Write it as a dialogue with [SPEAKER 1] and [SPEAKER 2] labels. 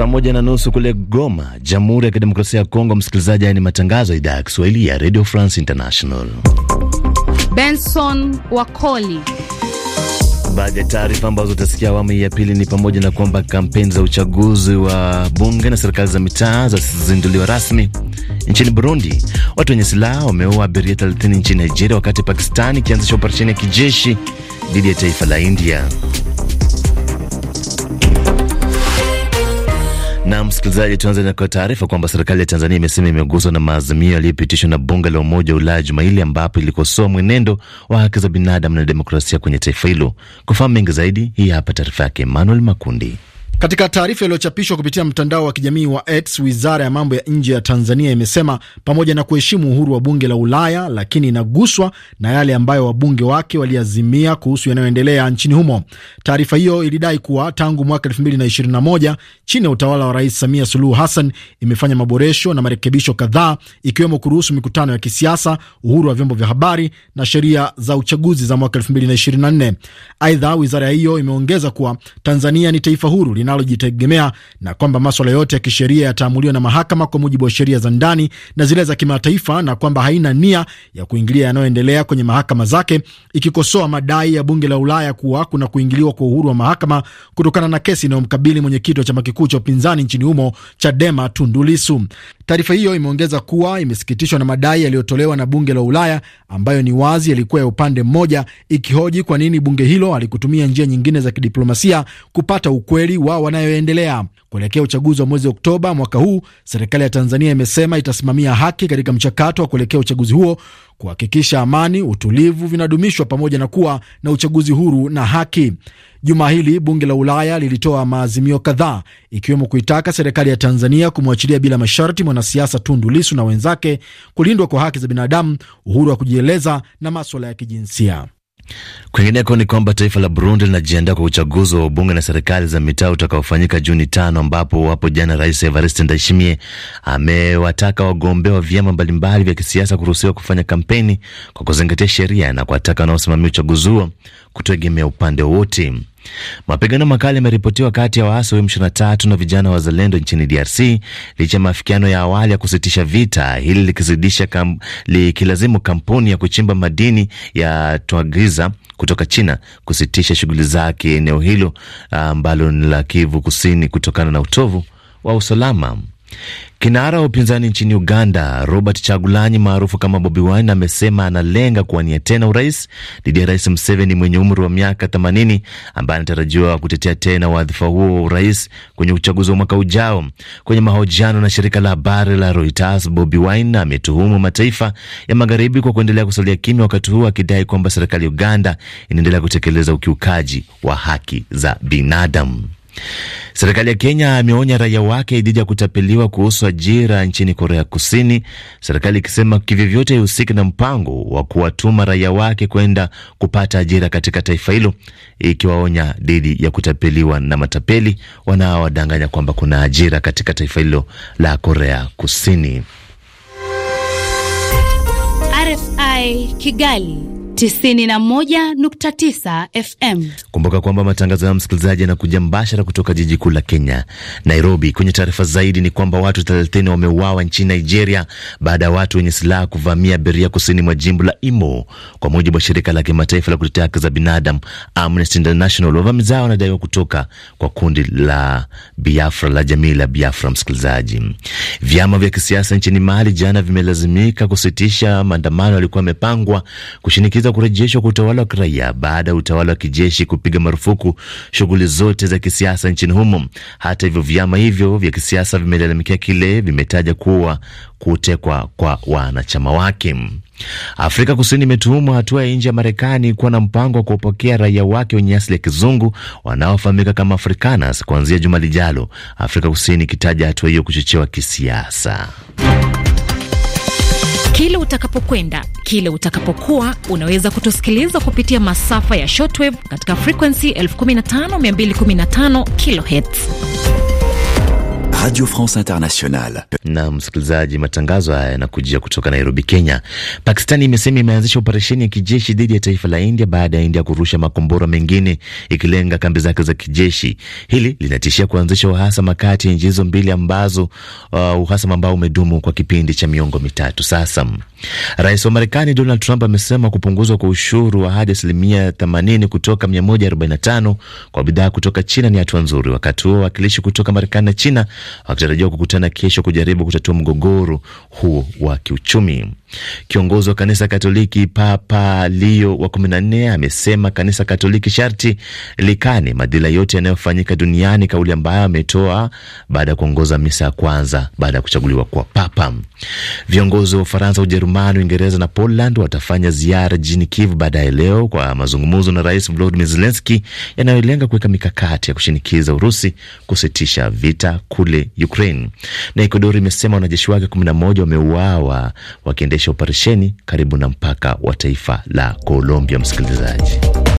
[SPEAKER 1] Saa moja na nusu kule Goma, Jamhuri ya Kidemokrasia ya Kongo. Msikilizaji, haya ni matangazo ya idhaa ya Kiswahili ya Radio France International. Benson Wakoli. Baadhi ya taarifa ambazo utasikia awamu ya pili ni pamoja na kwamba kampeni za uchaguzi wa bunge na serikali za mitaa zazinduliwa rasmi. Nchini Burundi, watu wenye silaha wameua abiria 30 nchini Nigeria, wakati Pakistani ikianzisha operesheni ya kijeshi dhidi ya taifa la India. msikilizaji, tuanze na kwa taarifa kwamba serikali ya Tanzania imesema imeguswa na maazimio yaliyopitishwa na bunge la Umoja wa Ulaya juma hili, ambapo ilikosoa mwenendo wa haki za binadamu na demokrasia kwenye taifa hilo. Kufahamu mengi zaidi, hii hapa taarifa yake Emmanuel Makundi.
[SPEAKER 2] Katika taarifa iliyochapishwa kupitia mtandao wa kijamii wa X, wizara ya mambo ya nje ya Tanzania imesema pamoja na kuheshimu uhuru wa bunge la Ulaya, lakini inaguswa na yale ambayo wabunge wake waliazimia kuhusu yanayoendelea nchini humo. Taarifa hiyo ilidai kuwa tangu mwaka 2021 chini ya utawala wa Rais Samia Suluhu Hassan imefanya maboresho na marekebisho kadhaa, ikiwemo kuruhusu mikutano ya kisiasa, uhuru wa vyombo vya habari na sheria za uchaguzi za mwaka 2024. Aidha, wizara hiyo imeongeza kuwa Tanzania ni taifa huru linalojitegemea na kwamba maswala yote ya kisheria yataamuliwa na mahakama kwa mujibu wa sheria za ndani na zile za kimataifa na kwamba haina nia ya kuingilia yanayoendelea kwenye mahakama zake, ikikosoa madai ya bunge la Ulaya kuwa kuna kuingiliwa kwa uhuru wa mahakama kutokana na kesi inayomkabili mwenyekiti wa chama kikuu cha upinzani nchini humo Chadema Tundu Lissu. Taarifa hiyo imeongeza kuwa imesikitishwa na madai yaliyotolewa na bunge la Ulaya ambayo ni wazi yalikuwa ya upande mmoja, ikihoji kwa nini bunge hilo halikutumia njia nyingine za kidiplomasia kupata ukweli wa wanayoendelea kuelekea uchaguzi wa mwezi Oktoba mwaka huu. Serikali ya Tanzania imesema itasimamia haki katika mchakato wa kuelekea uchaguzi huo, kuhakikisha amani, utulivu vinadumishwa pamoja na kuwa na uchaguzi huru na haki. Juma hili bunge la Ulaya lilitoa maazimio kadhaa ikiwemo kuitaka serikali ya Tanzania kumwachilia bila masharti mwanasiasa Tundu Lisu na wenzake, kulindwa kwa haki za binadamu, uhuru wa kujieleza na maswala ya kijinsia.
[SPEAKER 1] Kwingineko ni kwamba taifa la Burundi linajiandaa kwa uchaguzi wa ubunge na serikali za mitaa utakaofanyika Juni tano, ambapo hapo jana Rais Evariste Ndayishimiye amewataka wagombea wa vyama mbalimbali vya kisiasa kuruhusiwa kufanya kampeni kwa kuzingatia sheria na kuwataka wanaosimamia uchaguzi huo kutoegemea upande wowote. Mapigano makali yameripotiwa kati ya waasi wa M23 na vijana wazalendo nchini DRC licha ya maafikiano ya awali ya kusitisha vita, hili likizidisha kam, likilazimu kampuni ya kuchimba madini ya twagiza kutoka China kusitisha shughuli zake eneo hilo ambalo ni la Kivu Kusini kutokana na utovu wa usalama. Kinara wa upinzani nchini Uganda, Robert Chagulanyi maarufu kama Bobi Wine, amesema analenga kuwania tena urais dhidi ya Rais Museveni mwenye umri wa miaka 80 ambaye anatarajiwa kutetea tena wadhifa huo wa urais kwenye uchaguzi wa mwaka ujao. Kwenye mahojiano na shirika la habari la Reuters, Bobi Wine ametuhumu mataifa ya magharibi kwa kuendelea kusalia kimya, wakati huo akidai kwamba serikali ya Uganda inaendelea kutekeleza ukiukaji wa haki za binadamu. Serikali ya Kenya ameonya raia wake dhidi ya kutapeliwa kuhusu ajira nchini Korea Kusini, serikali ikisema kivyovyote ihusiki na mpango wa kuwatuma raia wake kwenda kupata ajira katika taifa hilo, ikiwaonya dhidi ya kutapeliwa na matapeli wanaowadanganya kwamba kuna ajira katika taifa hilo la Korea Kusini.
[SPEAKER 2] RFI Kigali 91.9 FM.
[SPEAKER 1] Kumbuka kwamba matangazo ya msikilizaji yanakuja mbashara kutoka jiji kuu la Kenya, Nairobi. Kwenye taarifa zaidi ni kwamba watu 30 wameuawa nchini Nigeria baada ya watu wenye silaha kuvamia abiria kusini mwa jimbo la Imo, kwa mujibu wa shirika la kimataifa la kutetea haki za binadamu Amnesty International. Wavamizi hao wanadaiwa kutoka kwa kundi la Biafra la jamii la Biafra. Msikilizaji, vyama vya kisiasa nchini Mali jana vimelazimika kusitisha maandamano yalikuwa yamepangwa kushinikiza za kurejeshwa kwa utawala wa kiraia baada ya utawala wa kijeshi kupiga marufuku shughuli zote za kisiasa nchini humo. Hata hivyo, vyama hivyo vya kisiasa vimelalamikia kile vimetaja kuwa kutekwa kwa wanachama wake. Afrika Kusini imetuhumu hatua ya nje ya Marekani kuwa na mpango wa kuwapokea raia wake wenye asili ya kizungu wanaofahamika kama Afrikaners kuanzia juma lijalo, Afrika Kusini ikitaja hatua hiyo kuchochewa kisiasa.
[SPEAKER 2] Kile utakapokwenda, kile utakapokuwa, unaweza kutusikiliza kupitia masafa ya shortwave katika frequency 15215 kilohertz.
[SPEAKER 1] Radio France Internationale. Na msikilizaji, matangazo haya yanakujia kutoka Nairobi, Kenya. Pakistani imesema imeanzisha operesheni ya kijeshi dhidi ya taifa la India baada ya India kurusha makombora mengine ikilenga kambi zake za kijeshi. Hili linatishia kuanzisha uhasama kati ya nchi hizo mbili ambazo uh, uhasama ambao umedumu kwa kipindi cha miongo mitatu sasa. Rais wa Marekani Donald Trump amesema kupunguzwa kwa ushuru wa hadi asilimia 80 kutoka 145 kwa bidhaa kutoka China ni hatua nzuri, wakati huo wawakilishi kutoka Marekani na China wakitarajiwa kukutana kesho kujaribu kutatua mgogoro huo wa kiuchumi. Kiongozi wa kanisa Katoliki Papa Leo wa kumi na nne amesema kanisa Katoliki sharti likane madhila yote yanayofanyika duniani, kauli ambayo ametoa baada ya kuongoza misa ya kwanza baada ya kuchaguliwa kwa Papa. Viongozi wa Ufaransa, Ujerumani, Uingereza na Poland watafanya ziara jijini Kiev baadaye leo kwa mazungumzo na Rais Volodymyr Zelensky yanayolenga kuweka mikakati ya kushinikiza Urusi kusitisha vita kule Ukraine. Na Ekodori imesema wanajeshi wake 11 wameuawa wakiendesha kuendesha operesheni karibu na mpaka wa taifa la Colombia. Msikilizaji